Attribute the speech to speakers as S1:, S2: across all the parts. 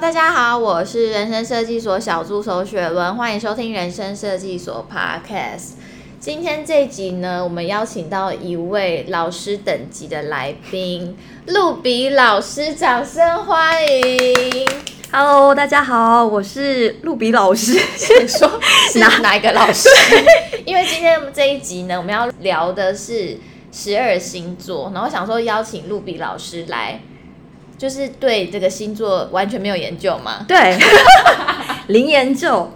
S1: 大家好，我是人生設計所小助手雪倫，歡迎收聽人生設計所 Podcast。今天這一集呢，我們邀請到一位老師等級的來賓，露比老師，掌聲歡迎！Hello，大家好，我是露比老師。 先說是哪哪一個老師？哪 因為今天這一集呢，我們要聊的是十二星座，然後想說邀請露比老師來。就是對這個星座完全沒有研究嘛？對， 零研究，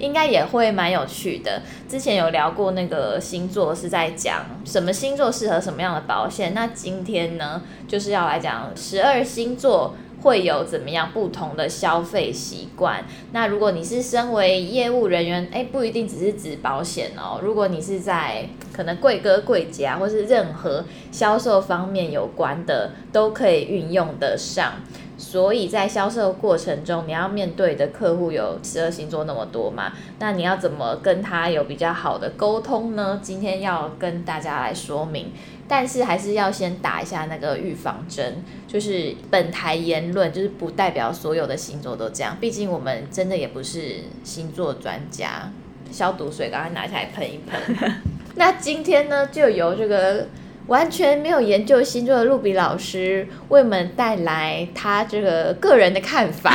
S1: 應該也會蠻有趣的。之前有聊過那個星座是在講什麼星座適合什麼樣的保險，那今天呢，就是要來講十二星座，會有怎麼樣不同的消費習慣？那如果你是身為業務人員，誒，不一定只是指保險哦。如果你是在可能貴哥貴姐啊，或是任何銷售方面有關的，都可以運用得上。所以在銷售過程中，你要面對的客戶有十二星座那麼多嘛？那你要怎麼跟他有比較好的溝通呢？今天要跟大家來說明。但是還是要先打一下那個預防針，就是本台言論就是不代表所有的星座都這樣，畢竟我們真的也不是星座專家。消毒水，趕快拿下來噴一噴。 那今天呢，就由這個完全沒有研究星座的露比老師為我們帶來他這個個人的看法。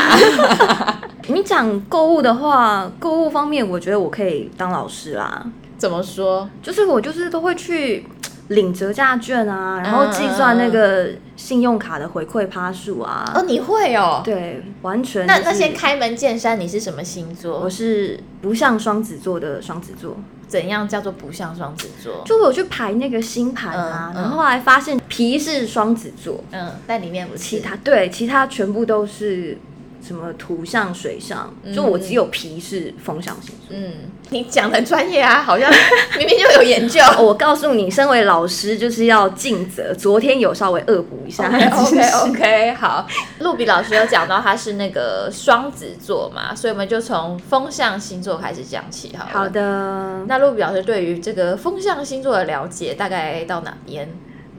S1: 你講購物的話，購物方面，我覺得我可以當老師啦。怎麼說？就是我就是都會去。領折價券啊，然後計算那個信用卡的回饋趴數啊、嗯。哦，你會哦？對，完全。那那些開門見山，你是什麼星座？我是不像雙子座的雙子座。怎樣叫做不像雙子座？就我去排那個星盤啊，嗯嗯，然後後來發現皮是雙子座，嗯，但裡面不是其他，對，其他全部都是。什麼土象、水象，就我只有皮是風象星座。嗯，嗯，你講的很專業啊，好像明明就有研究。 我告訴你，身為老師就是要盡責。昨天有稍微惡補一下。Okay, OK OK，好。露 比老師有講到他是那個雙子座嘛，所以我們就從風象星座開始講起好，好。好的。那露比老師對於這個風象星座的了解大概到哪邊？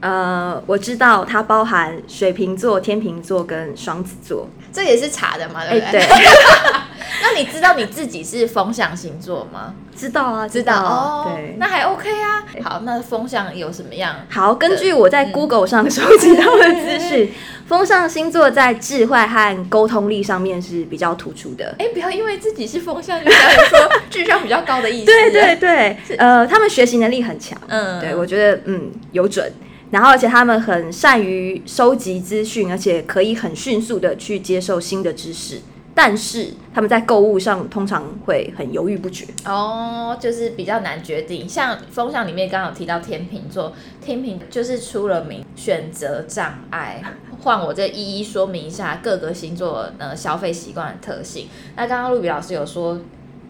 S1: 呃，我知道它包含水瓶座、天秤座跟雙子座。這也是查的嘛？對不對。對 那你知道你自己是風象星座嗎？知道啊，知道。哦，對那還 OK 啊。好，那風象有什麼樣？好，根據我在 Google 上收集到的資訊，嗯、 風象星座在智慧和溝通力上面是比較突出的。哎，不要因為自己是風象就以為說智商比較高的意思。對對對。對對是呃，他們學習能力很強。嗯，對我覺得嗯有準。然後，而且他們很善於收集資訊，而且可以很迅速地去接受新的知識。但是他們在購物上通常會很猶豫不決哦，就是比較難決定。像風象裡面剛剛有提到天秤座，天秤就是出了名選擇障礙。換我再一一說明一下各個星座的呃消費習慣的特性。那剛剛露比老師有說。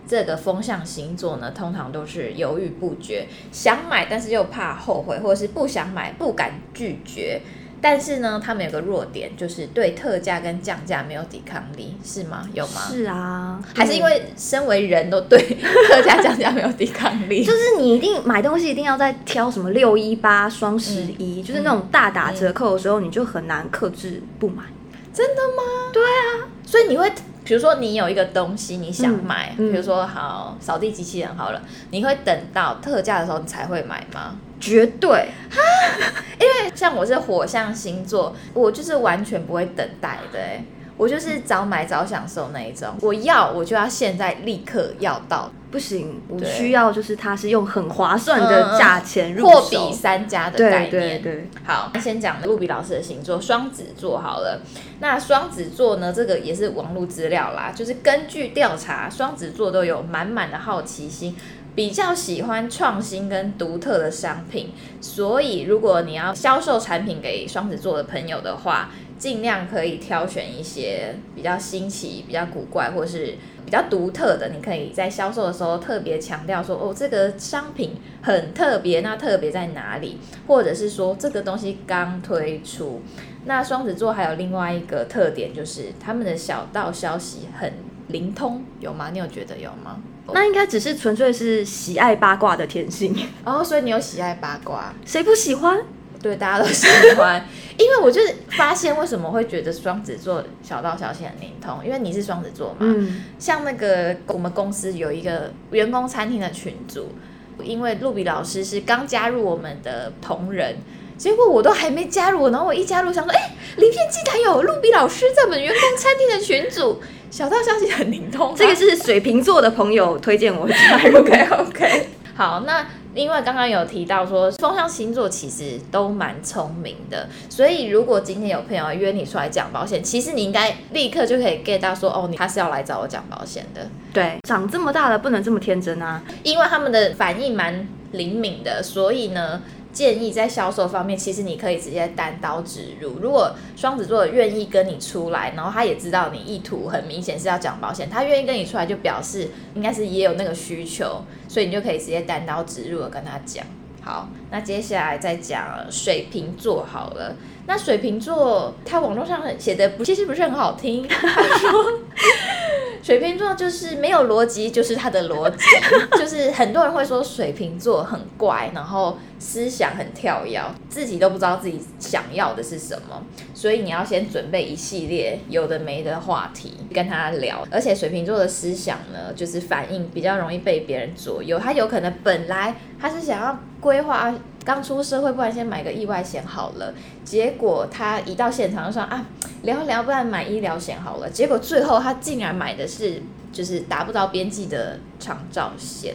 S1: 這個風象星座呢，通常都是猶豫不決，想買但是又怕後悔，或者是不想買不敢拒絕。但是呢，他們有個弱點，就是對特價跟降價沒有抵抗力，是嗎？有嗎？是啊，還是因為身為人都對特價降價沒有抵抗力， 就是你一定買東西一定要在挑什麼六一八、雙十一，就是那種大打折扣的時候，嗯、你就很難克制不買，真的嗎？對啊，所以你會。比如說，你有一個東西你想買，嗯嗯，比如說好掃地機器人好了，你會等到特價的時候你才會買嗎？絕對， 因為像我是火象星座，我就是完全不會等待的，欸。哎。我就是早買早享受那一種，我要我就要現在立刻要到，不行，對我需要就是它是用很划算的價錢入手，嗯嗯、貨比三家的概念。對對對，好，先講露比老師的星座，雙子座好了。那雙子座呢，這個也是網絡資料啦，就是根據調查，雙子座都有滿滿的好奇心，比較喜歡創新跟獨特的商品，所以如果你要銷售產品給雙子座的朋友的話，盡量可以挑選一些比較新奇、比較古怪或是比較獨特的。你可以在銷售的時候特別強調說：“哦，這個商品很特別，那特別在哪裡？”或者是說這個東西剛推出。那雙子座還有另外一個特點就是他們的小道消息很靈通，有嗎？你有覺得有嗎？那應該只是純粹是喜愛八卦的天性。 哦，所以你有喜愛八卦，誰不喜歡？對，大家都喜歡， 因為我就是發現為什麼會覺得雙子座小道消息很靈通，因為你是雙子座嘛。像那個我們公司有一個員工餐廳的群組，因為露比老師是剛加入我們的同仁，結果我都還沒加入，然後我一加入，想說誒，裡面竟然有露比老師在我們員工餐廳的群組，小道消息很靈通啊。這個是水瓶座的朋友推薦我加入。 OK OK。好，那。因為剛剛有提到說，風象星座其實都蠻聰明的，所以如果今天有朋友約你出來講保險，其實你應該立刻就可以 get 到說，哦，你他是要來找我講保險的。對，長這麼大了不能這麼天真啊，因為他們的反應蠻靈敏的，所以呢。建議在銷售方面，其實你可以直接單刀直入。如果雙子座願意跟你出來，然後他也知道你意圖很明顯是要講保險，他願意跟你出來，就表示應該是也有那個需求，所以你就可以直接單刀直入的跟他講。好，那接下來再講水瓶座好了。那水瓶座，他網絡上寫的其實不是很好聽。他說 水瓶座就是沒有邏輯，就是他的邏輯， 就是很多人會說水瓶座很怪，然後思想很跳躍，自己都不知道自己想要的是什麼，所以你要先準備一系列有的沒的話題跟他聊。而且水瓶座的思想呢，就是反應比較容易被別人左右，他有可能本來他是想要規劃。剛出社會，不然先買個意外險好了。結果他一到現場就說啊，聊聊，不然買醫療險好了。結果最後他竟然買的是就是達不到邊際的長照險。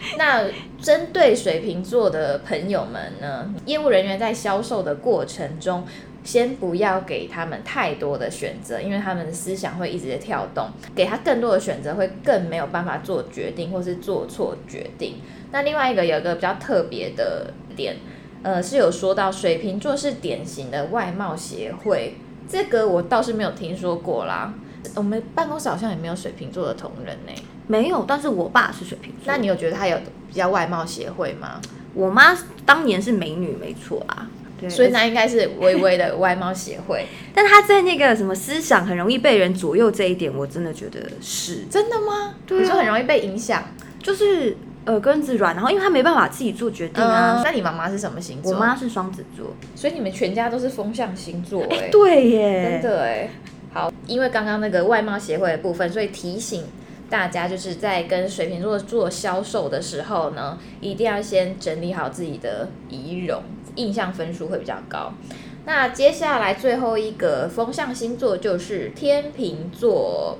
S1: 那針對水瓶座的朋友們呢，業務人員在銷售的過程中，先不要給他們太多的選擇，因為他們的思想會一直在跳動。給他更多的選擇，會更沒有辦法做決定，或是做錯決定。那另外一個有一個比較特別的。點，呃，是有說到水瓶座是典型的外貌協會，這個我倒是沒有聽說過啦。我們辦公室好像也沒有水瓶座的同仁呢、欸，沒有。但是我爸是水瓶座的，那你有覺得他有比較外貌協會嗎？我媽當年是美女，沒錯啊，對，所以她應該是微微的外貌協會。 但她在那個什麼思想很容易被人左右這一點，我真的覺得是真的嗎？對啊，你說很容易被影響，就是。耳根子軟，然後因為他沒辦法自己做決定啊。嗯，那你媽媽是什麼星座？我媽媽是雙子座，所以你們全家都是風向星座耶，對耶，真的耶。好，因為剛剛那個外貌協會的部分，所以提醒大家，就是在跟水瓶座做銷售的時候呢，一定要先整理好自己的儀容，印象分數會比較高。那接下來最後一個風向星座就是天秤座。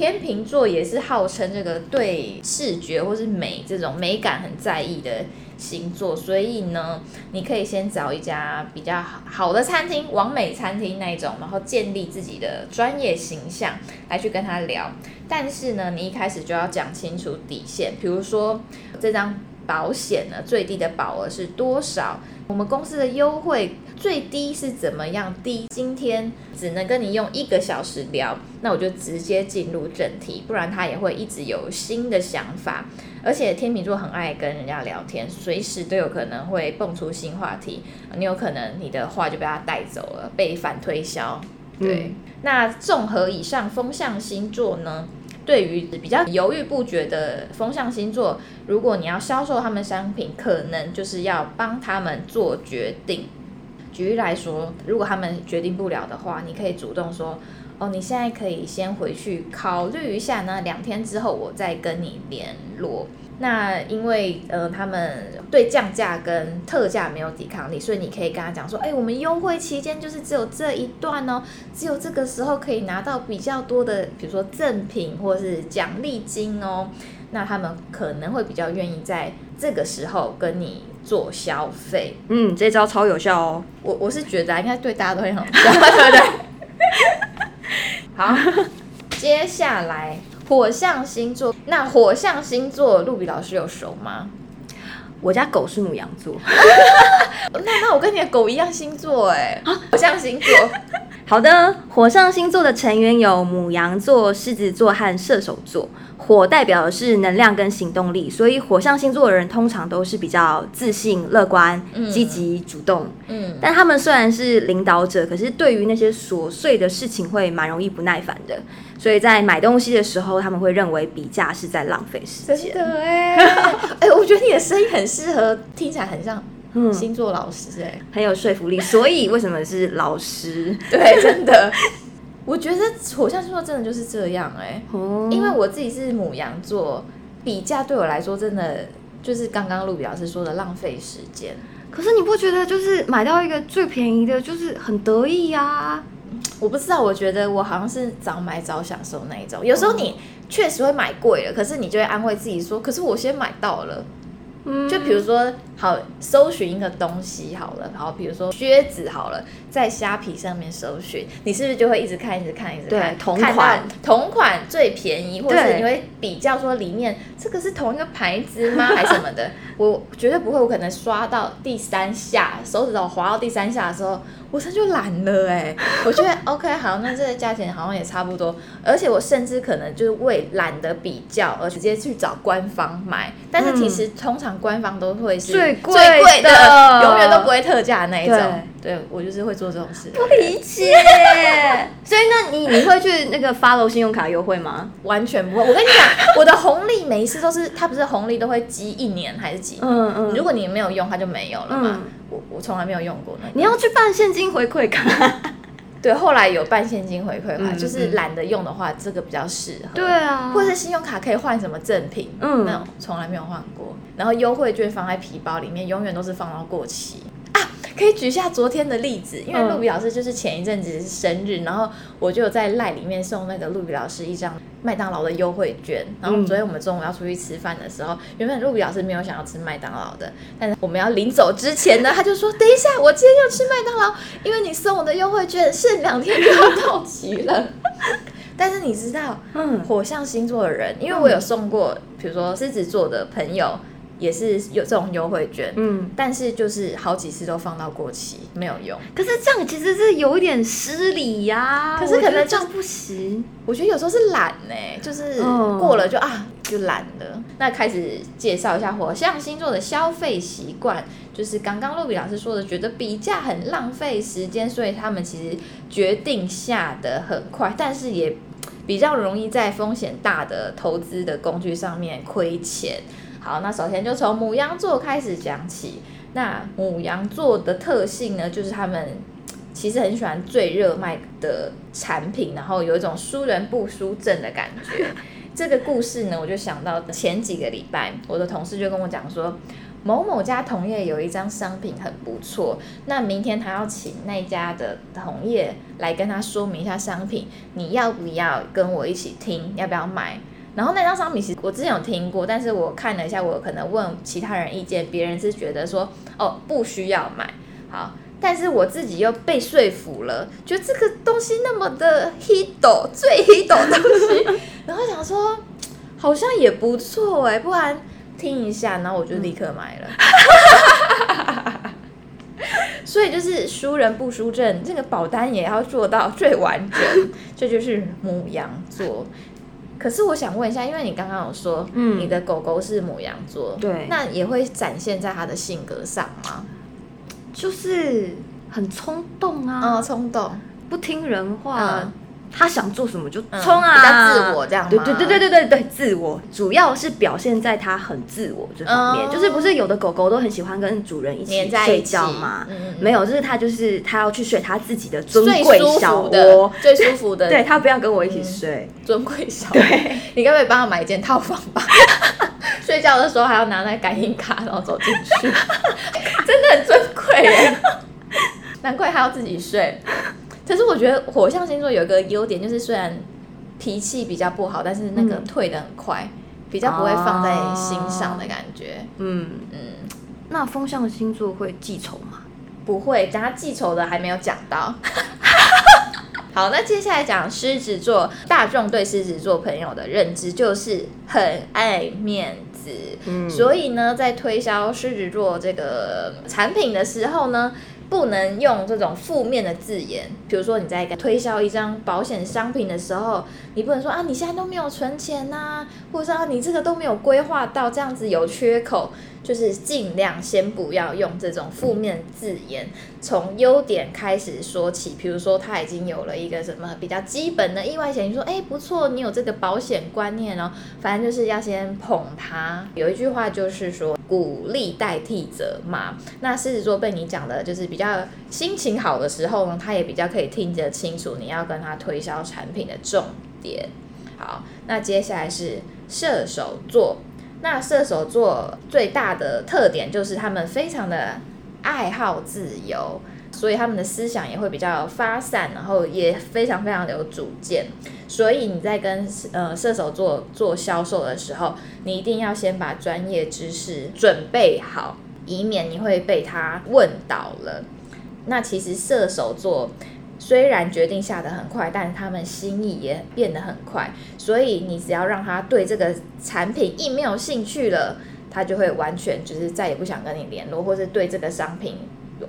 S1: 天秤座也是號稱這個對視覺或是美這種美感很在意的星座，所以呢，你可以先找一家比較好好的餐廳，完美餐廳那種，然後建立自己的專業形象來去跟他聊。但是呢，你一開始就要講清楚底線，比如說這張保險呢，最低的保額是多少？我們公司的優惠最低是怎麼樣低？今天只能跟你用一個小時聊，那我就直接進入正題，不然他也會一直有新的想法。而且天秤座很愛跟人家聊天，隨時都有可能會蹦出新話題。你有可能你的話就被他帶走了，被反推銷。對，嗯、那綜合以上風象星座呢？對於比較猶豫不決的風象星座，如果你要銷售他們商品，可能就是要幫他們做決定。舉例來說，如果他們決定不了的話，你可以主動說：“哦，你現在可以先回去考慮一下呢，兩天之後我再跟你聯絡。”那因為呃，他們對降價跟特價沒有抵抗力，所以你可以跟他講說，哎、欸，我們優惠期間就是只有這一段哦，只有這個時候可以拿到比較多的，比如說贈品或是獎勵金哦。那他們可能會比較願意在這個時候跟你做消費。嗯，這招超有效哦。我我是覺得應該對大家都會很好，對不對？好，接下來。火象星座，那火象星座，露比老師有熟嗎？我家狗是牡羊座。那那 我跟你的狗一樣星座哎、欸，啊、火象星座。 好的，火象星座的成員有牡羊座、獅子座和射手座。火代表的是能量跟行動力，所以火象星座的人通常都是比較自信、樂觀、積極、主動。嗯，但他們雖然是領導者，可是對於那些瑣碎的事情會蠻容易不耐煩的。所以在買東西的時候，他們會認為比價是在浪費時間。真的欸 欸，我覺得你的聲音很適合，聽起來很像。星座老師哎、欸嗯，很有說服力。所以為什麼是老師？ 對，真的，我覺得火象星座真的就是這樣哎、欸。嗯、因為我自己是牡羊座，比價對我來說真的就是剛剛陸比老師說的浪費時間。可是你不覺得就是買到一個最便宜的，就是很得意呀、啊？我不知道，我覺得我好像是早買早享受那一種。有時候你確實會買貴了，可是你就會安慰自己說，可是我先買到了。嗯，就比如說。好，搜尋一個東西好了，好，比如說靴子好了，在蝦皮上面搜尋，你是不是就會一直看，一直看，一直看，同款，同款最便宜，對或者你會比較說裡面這個是同一個牌子嗎，還是什麼的？ 我絕對不會，我可能刷到第三下，手指頭滑到第三下的時候，我這就懶了哎、欸，我覺得 OK 好，那這個價錢好像也差不多，而且我甚至可能就是為懶得比較而直接去找官方買，但是其實通常官方都會是、嗯最貴的，的哦，永遠都不會特價的那一種。對，對，我就是會做這種事，不理解。 所以，那你你會去那個 follow 信用卡優惠嗎？完全不會。我跟你講， 我的紅利每一次都是，它不是紅利都會積一年還是幾？嗯嗯。如果你沒有用，它就沒有了嘛。嗯，我我從來沒有用過那。你要去辦現金回饋卡。 對，後來有辦現金回饋嘛，嗯嗯，就是懶得用的話，這個比較適合。對啊，或者是信用卡可以換什麼贈品，嗯，沒有，從來沒有換過。然後優惠券放在皮包裡面，永遠都是放到過期。可以舉一下昨天的例子，因為露比老師就是前一陣子是生日，嗯、然後我就有在賴裡面送那個露比老師一張麥當勞的優惠券。然後昨天我們中午要出去吃飯的時候，嗯、原本露比老師沒有想要吃麥當勞的，但是我們要臨走之前呢，他就說：“ 等一下，我今天要吃麥當勞，因為你送我的優惠券是兩天就要到期了。” 但是你知道，嗯，火象星座的人，因為我有送過，比如說獅子座的朋友。也是有這種優惠券，嗯，但是就是好幾次都放到過期，沒有用。可是這樣其實是有一點失禮呀、啊。可是可能、就是、這樣不行。我覺得有時候是懶呢、欸，就是過了就、嗯、啊就懶了。那開始介紹一下火象星座的消費習慣，就是剛剛露比老師說的，覺得比價很浪費時間，所以他們其實決定下得很快，但是也比較容易在風險大的投資的工具上面虧錢。好，那首先就從牡羊座開始講起。那牡羊座的特性呢，就是他們其實很喜歡最熱賣的產品，然後有一種輸人不輸陣的感覺。 這個故事呢，我就想到前幾個禮拜，我的同事就跟我講說，某某家同業有一張商品很不錯，那明天他要請那家的同業來跟他說明一下商品，你要不要跟我一起聽？要不要買？然後那張商品其實我之前有聽過，但是我看了一下，我可能問其他人意見，別人是覺得說哦不需要買，好，但是我自己又被說服了，覺得這個東西那麼的黑斗最黑斗東西， 然後想說好像也不錯哎，欸，不然聽一下，然後我就立刻買了。嗯， 所以就是輸人不輸陣，這個保單也要做到最完整，這 就，就是牧羊座。可是我想問一下，因為你剛剛有說，嗯，你的狗狗是牡羊座，對，那也會展現在它的性格上嗎？就是很衝動啊，嗯、衝動，不聽人話。嗯他想做什麼就衝啊、嗯！比較自我這樣。對對對對對對，自我主要是表現在他很自我這方面。嗯、就是不是有的狗狗都很喜歡跟主人一起，在一起睡覺嗎？嗯嗯、沒有，就是他就是他要去睡他自己的尊貴小窩，最舒服的。對，他不要跟我一起睡。嗯、尊貴小窩，對你可不可以幫他買一間套房吧？ 睡覺的時候還要拿那個感應卡，然後走進去， 真的很尊貴耶。有難怪他要自己睡。可是我覺得火象星座有一個優點，就是雖然脾氣比較不好，但是那個退得很快，嗯、比較不會放在心上的感覺。嗯、啊、嗯。那風象星座會記仇嗎？不會，其他記仇的還沒有講到。 好，那接下來講獅子座。大眾對獅子座朋友的認知就是很愛面子，嗯、所以呢，在推銷獅子座這個產品的時候呢。不能用這種負面的字眼，比如說你在推銷一張保險商品的時候，你不能說啊，你現在都沒有存錢吶、啊，或者說你這個都沒有規劃到，這樣子有缺口。就是儘量先不要用這種負面字眼，從優點開始說起。比如說，他已經有了一個什麼比較基本的意外險，你說，誒、欸、不錯，你有這個保險觀念哦。反正就是要先捧他。有一句話就是說，鼓勵代替責罵。那獅子座被你講的就是比較心情好的時候呢，他也比較可以聽得清楚你要跟他推銷產品的重點。好，那接下來是射手座。那射手座最大的特點就是他們非常的愛好自由，所以他們的思想也會比較發散，然後也非常非常的有主見。所以你在跟呃射手座做銷售的時候，你一定要先把專業知識準備好，以免你會被他問倒了。那其實射手座。雖然決定下得很快，但他們心意也變得很快，所以你只要讓他對這個產品一沒有興趣了，他就會完全就是再也不想跟你聯絡，或是對這個商品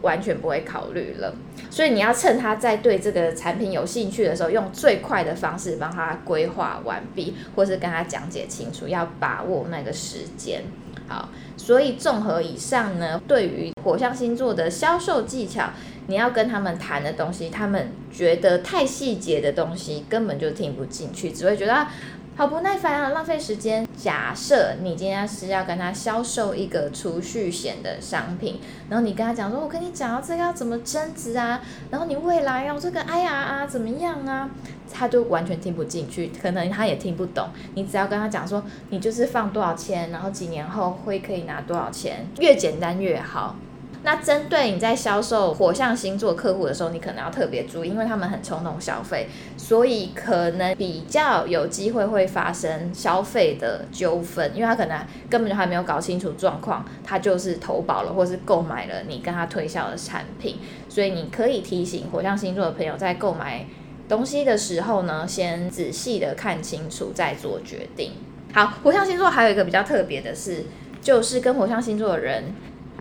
S1: 完全不會考慮了。所以你要趁他在對這個產品有興趣的時候，用最快的方式幫他規劃完畢，或是跟他講解清楚，要把握那個時間。好。所以，綜合以上呢，對於火象星座的銷售技巧，你要跟他們談的東西，他們覺得太細節的東西根本就聽不進去，只會覺得。好不耐煩啊，浪費時間。假設你今天是要跟他銷售一個儲蓄險的商品，然後你跟他講說，我跟你講到這個要怎麼增值啊，然後你未來啊、哦，這個哎呀啊，怎麼樣啊？他就完全聽不進去，可能他也聽不懂。你只要跟他講說，你就是放多少錢，然後幾年後會可以拿多少錢，越簡單越好。那針對你在銷售火象星座客戶的時候，你可能要特別注意，因為他們很衝動消費，所以可能比較有機會會發生消費的糾紛，因為他可能根本就還沒有搞清楚狀況，他就是投保了或是購買了你跟他推銷的產品，所以你可以提醒火象星座的朋友在購買東西的時候呢，先仔細的看清楚再做決定。好，火象星座還有一個比較特別的是，就是跟火象星座的人。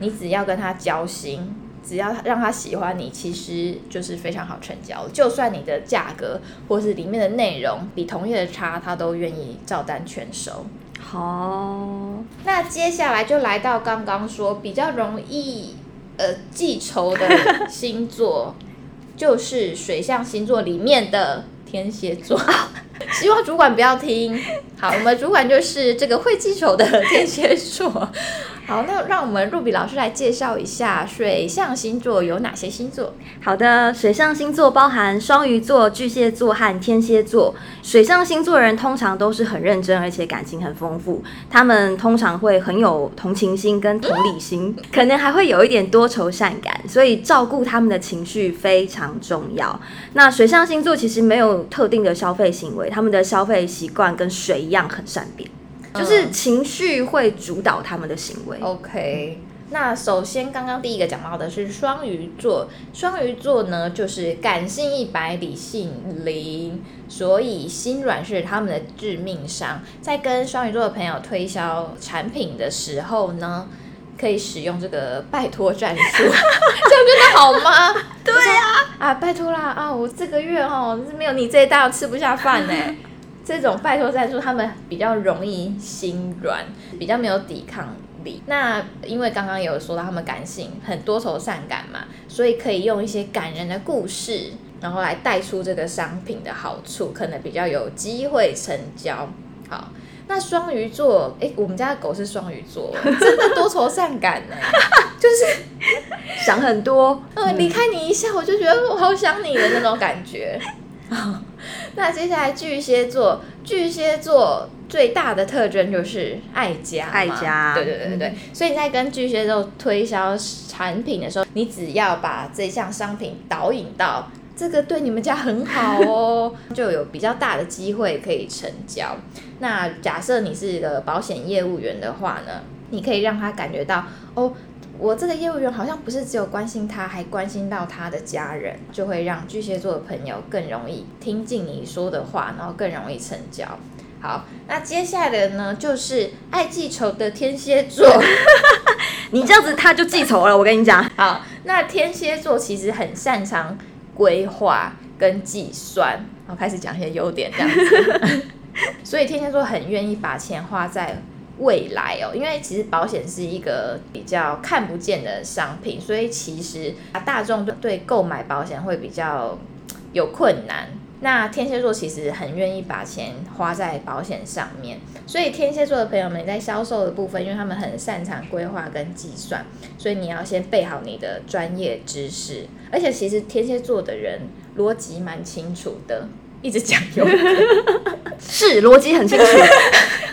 S1: 你只要跟他交心，只要讓他喜歡你，其實就是非常好成交。就算你的價格或是裡面的內容比同業的差，他都願意照單全收。好，Oh. 那接下來就來到剛剛說比較容易呃記仇的星座， 就是水象星座裡面的天蠍座。 希望主管不要聽。好，我們主管就是這個會記仇的天蠍座。好，那讓我們露比老師來介紹一下水象星座有哪些星座？好的，水象星座包含雙魚座、巨蟹座和天蠍座。水象星座的人通常都是很認真，而且感情很豐富。他們通常會很有同情心跟同理心，嗯、可能還會有一點多愁善感，所以照顧他們的情緒非常重要。那水象星座其實沒有特定的消費行為，他們的消費習慣跟水一樣很善變。就是情緒會主導他們的行為。OK，、嗯、那首先剛剛第一個講到的是雙魚座，雙魚座呢就是感性一百，理性零，所以心軟是他們的致命傷。在跟雙魚座的朋友推銷產品的時候呢，可以使用這個拜托戰術， 這樣真的好嗎？ 對啊，啊拜托啦啊，我這個月哦，沒有你這一單我吃不下飯呢、欸。 這種拜託戰術，他們比較容易心軟，比較沒有抵抗力。那因為剛剛有說到他們感性，很多愁善感嘛，所以可以用一些感人的故事，然後來帶出這個商品的好處，可能比較有機會成交。好，那雙魚座，哎、欸，我們家的狗是雙魚座，真的多愁善感呢、欸， 就是想很多。嗯，離開你一下，我就覺得我好想你的那種感覺。那接下來巨蟹座，巨蟹座最大的特徵就是愛家，愛家，對對對對對，所以你在跟巨蟹座推銷產品的時候，你只要把這項商品導引到這個對你們家很好哦， 就有比較大的機會可以成交。那假設你是一個保險業務員的話呢，你可以讓他感覺到哦。我這個業務員好像不是只有關心他，還關心到他的家人，就會讓巨蟹座的朋友更容易聽進你說的話，然後更容易成交。好，那接下來的呢，就是愛記仇的天蠍座， 你這樣子他就記仇了。我跟你講， 好，那天蠍座其實很擅長規劃跟計算，我開始講一些優點這樣子， 所以天蠍座很願意把錢花在。未來哦，因為其實保險是一個比較看不見的商品，所以其實啊，大眾對購買保險會比較有困難。那天蠍座其實很願意把錢花在保險上面，所以天蠍座的朋友們在銷售的部分，因為他們很擅長規劃跟計算，所以你要先備好你的專業知識。而且其實天蠍座的人邏輯蠻清楚的，一直講油， 是邏輯很清楚。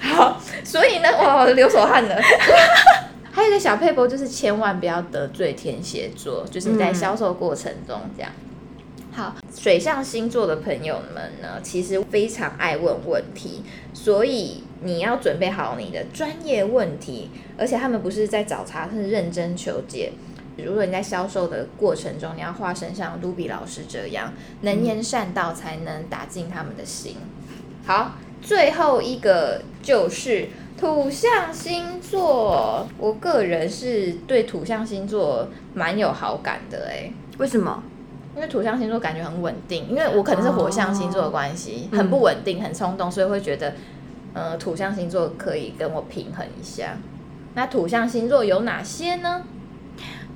S1: 好。所以呢，我流手汗了。 還有一個小撇步，就是千萬不要得罪天蠍座，就是在銷售過程中這樣。嗯、好，水象星座的朋友們呢，其實非常愛問問題，所以你要準備好你的專業問題，而且他們不是在找茬，是認真求解。如果你在銷售的過程中，你要化身像盧比老師這樣能言善道，才能打進他們的心。嗯、好。最後一個就是土象星座，我個人是對土象星座蠻有好感的，誒、欸，為什麼？因為土象星座感覺很穩定，因為我可能是火象星座的關係，哦、很不穩定、很衝動，嗯、所以會覺得，呃，土象星座可以跟我平衡一下。那土象星座有哪些呢？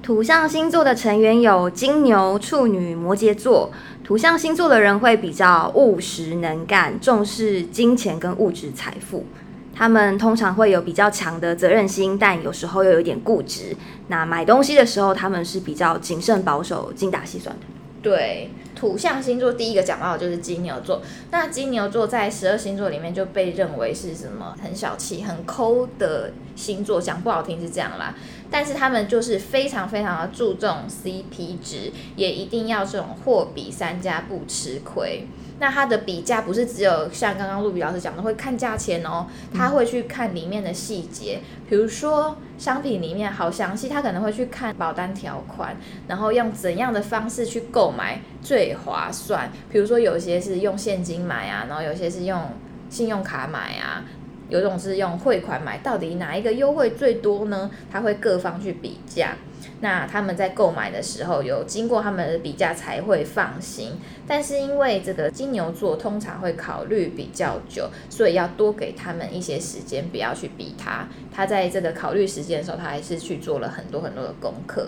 S1: 土象星座的成員有金牛、處女、摩羯座。土象星座的人會比較務實、能幹，重視金錢跟物質財富。他們通常會有比較強的責任心，但有時候又有點固執。那買東西的時候，他們是比較謹慎、保守、精打細算的。對，土象星座第一個講到就是金牛座。那金牛座在十二星座裡面就被認為是什麼？很小氣、很摳的星座，講不好聽是這樣啦。但是他們就是非常非常的注重 CP 值，也一定要這種貨比三家不吃虧。那他的比價不是只有像剛剛 Ruby 老師講的會看價錢哦，他會去看裡面的細節，嗯、比如說商品裡面好詳細，他可能會去看保單條款，然後用怎樣的方式去購買最划算。比如說有些是用現金買啊，然後有些是用信用卡買啊。有種是用匯款買，到底哪一個優惠最多呢？他會各方去比價。那他們在購買的時候，有經過他們的比價才會放心。但是因為這個金牛座通常會考慮比較久，所以要多給他們一些時間，不要去逼他。他在這個考慮時間的時候，他還是去做了很多很多的功課。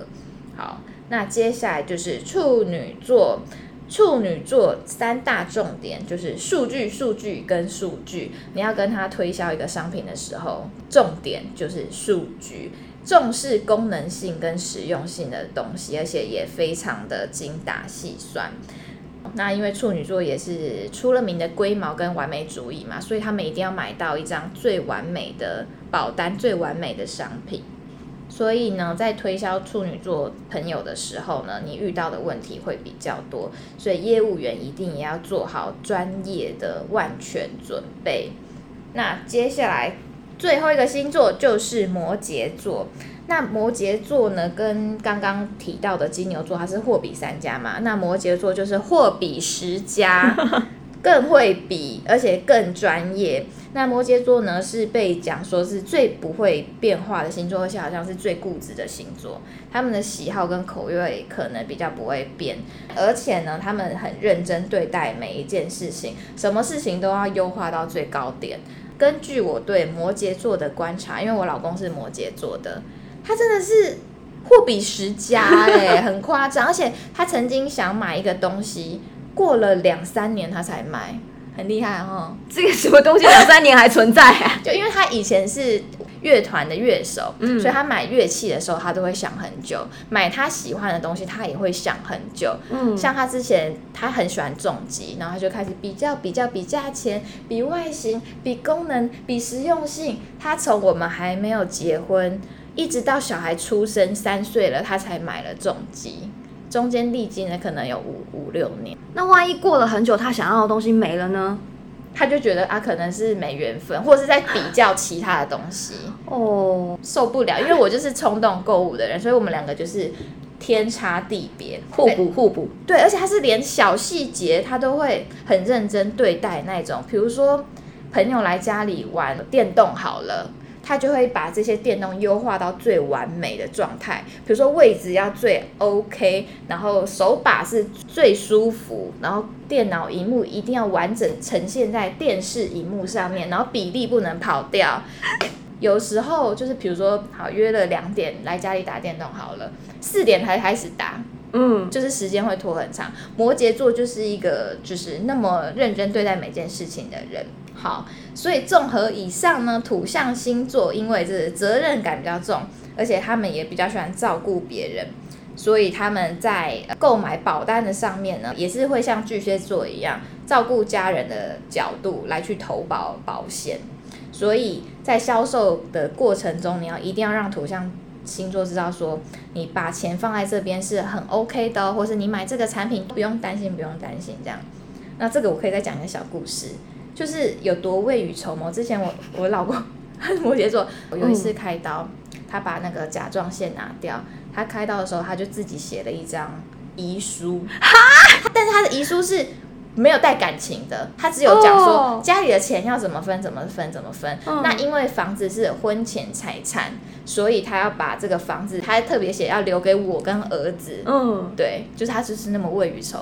S1: 好，那接下來就是處女座。處女座三大重點就是數據、數據跟數據。你要跟他推銷一個商品的時候，重點就是數據，重視功能性跟實用性的東西，而且也非常的精打細算。那因為處女座也是出了名的龜毛跟完美主義嘛，所以他們一定要買到一張最完美的保單、最完美的商品。所以呢，在推銷處女座朋友的時候呢，你遇到的問題會比較多，所以業務員一定也要做好專業的萬全準備。那接下來最後一個星座就是摩羯座。那摩羯座呢，跟剛剛提到的金牛座，它是貨比三家嘛，那摩羯座就是貨比十家。 更會比，而且更專業。那摩羯座呢，是被講說是最不會變化的星座，而且好像是最固執的星座。他們的喜好跟口味可能比較不會變，而且呢，他們很認真對待每一件事情，什麼事情都要優化到最高點。根據我對摩羯座的觀察，因為我老公是摩羯座的，他真的是貨比十家誒，很誇張。而且他曾經想買一個東西。過了兩三年，他才買，很厲害哦，這個什麼東西兩三年還存在，啊？ 就因為他以前是樂團的樂手，嗯、所以他買樂器的時候，他都會想很久。買他喜歡的東西，他也會想很久。嗯、像他之前，他很喜歡重機，然後他就開始比較、比較、比價錢、比外形、比功能、比實用性。他從我們還沒有結婚，一直到小孩出生三歲了，他才買了重機。中間歷經了可能有五五六年，那萬一過了很久，他想要的東西沒了呢？他就覺得啊，可能是沒緣分，或者是在比較其他的東西哦， 受不了。因為我就是衝動購物的人，所以我們兩個就是天差地別，互補互補。對，而且他是連小細節他都會很認真對待那種，比如說朋友來家裡玩電動好了。他就會把這些電動優化到最完美的狀態，比如說位置要最 OK，然後手把是最舒服，然後電腦熒幕一定要完整呈現在電視熒幕上面，然後比例不能跑掉。有時候就是比如說，好約了兩點來家裡打電動好了，四點才開始打，嗯，就是時間會拖很長。摩羯座就是一個就是那麼認真對待每件事情的人。好，所以綜合以上呢，土象星座因為是責任感比較重，而且他們也比較喜歡照顧別人，所以他們在購買保單的上面呢，也是會像巨蟹座一樣照顧家人的角度來去投保保險。所以在銷售的過程中，你要一定要讓土象星座知道說，你把錢放在這邊是很 OK 的哦，或是你買這個產品不用擔心，不用擔心這樣。那這個我可以再講一個小故事。就是有多未雨綢繆。之前我我老公他是摩羯座， 說嗯、有一次開刀，他把那個甲狀腺拿掉。他開刀的時候，他就自己寫了一張遺書哈，但是他的遺書是，沒有帶感情的，他只有講說家裡的錢要怎麼分，oh. 怎麼分，怎麼分。嗯、那因為房子是婚前財產，所以他要把這個房子，他特別寫要留給我跟兒子。嗯，對，就是他就是那麼未雨綢繆，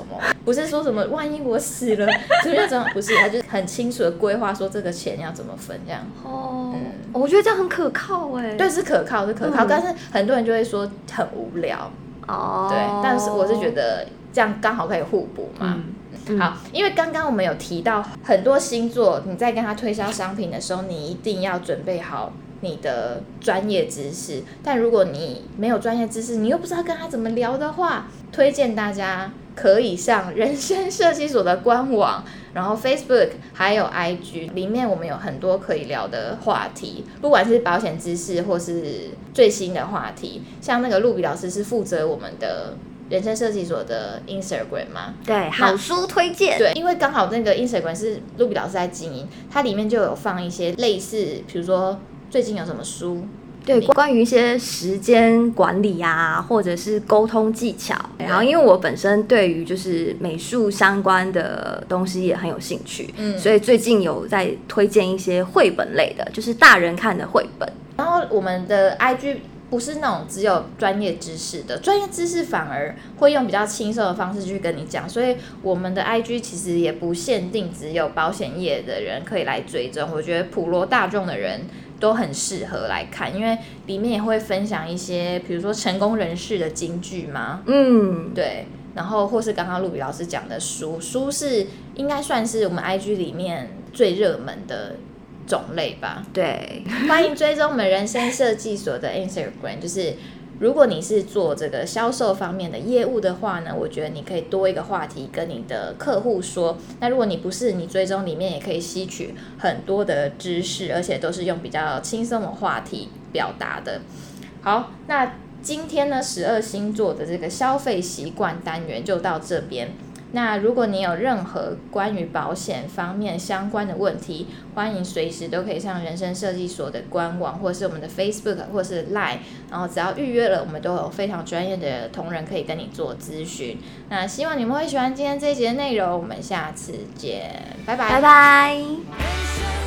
S1: 不是說什麼萬一我死了就是這樣？ 不是，他就是很清楚的規劃說這個錢要怎麼分這樣。哦、oh. 嗯，oh, 我覺得這樣很可靠哎、欸。對，是可靠是可靠，嗯、但是很多人就會說很無聊。哦，oh. 對，但是我是覺得。這樣剛好可以互補嘛。嗯、好，因為剛剛我們有提到很多星座，你在跟他推銷商品的時候，你一定要準備好你的專業知識。但如果你沒有專業知識，你又不知道跟他怎麼聊的話，推薦大家可以上人生設計所的官網，然後 Facebook 還有 IG 裡面，我們有很多可以聊的話題，不管是保險知識或是最新的話題。像那個露比老師是負責我們的。人生設計所的 Instagram 嗎？對，好書推薦。對，因為剛好那個 Instagram 是露比老師在經營，它裡面就有放一些類似，比如說最近有什麼書，
S2: 對，
S1: 關於一些時間管理啊，或者是溝通技巧。對。然後，因為我本身對於就是美術相關的東西也很有興趣，嗯，所以最近有在推薦一些繪本類的，就是大人看的繪本。然後，我們的 IG。不是那種只有專業知識的專業知識，反而會用比較輕鬆的方式去跟你講。所以我們的 IG 其實也不限定只有保險業的人可以來追蹤，我覺得普羅大眾的人都很適合來看，因為裡面也會分享一些，比如說成功人士的金句嘛。嗯，對。然後或是剛剛露比老師講的書，書是應該算是我們 IG 裡面最熱門的種類吧，對， 歡迎追蹤我們人生設計所的 Instagram，就是如果你是做這個銷售方面的業務的話呢，我覺得你可以多一個話題跟你的客戶說。那如果你不是，你追蹤裡面也可以吸取很多的知識，而且都是用比較輕鬆的話題表達的。好，那今天呢，十二星座的這個消費習慣單元就到這邊。那如果你有任何關於保險方面相關的問題，歡迎隨時都可以上人生設計所的官網，或是我們的 Facebook，或是 Line，然後只要預約了，我們都有非常專業的同仁可以跟你做諮詢。那希望你們會喜歡今天這一集的內容，我們下次見，拜拜，拜拜。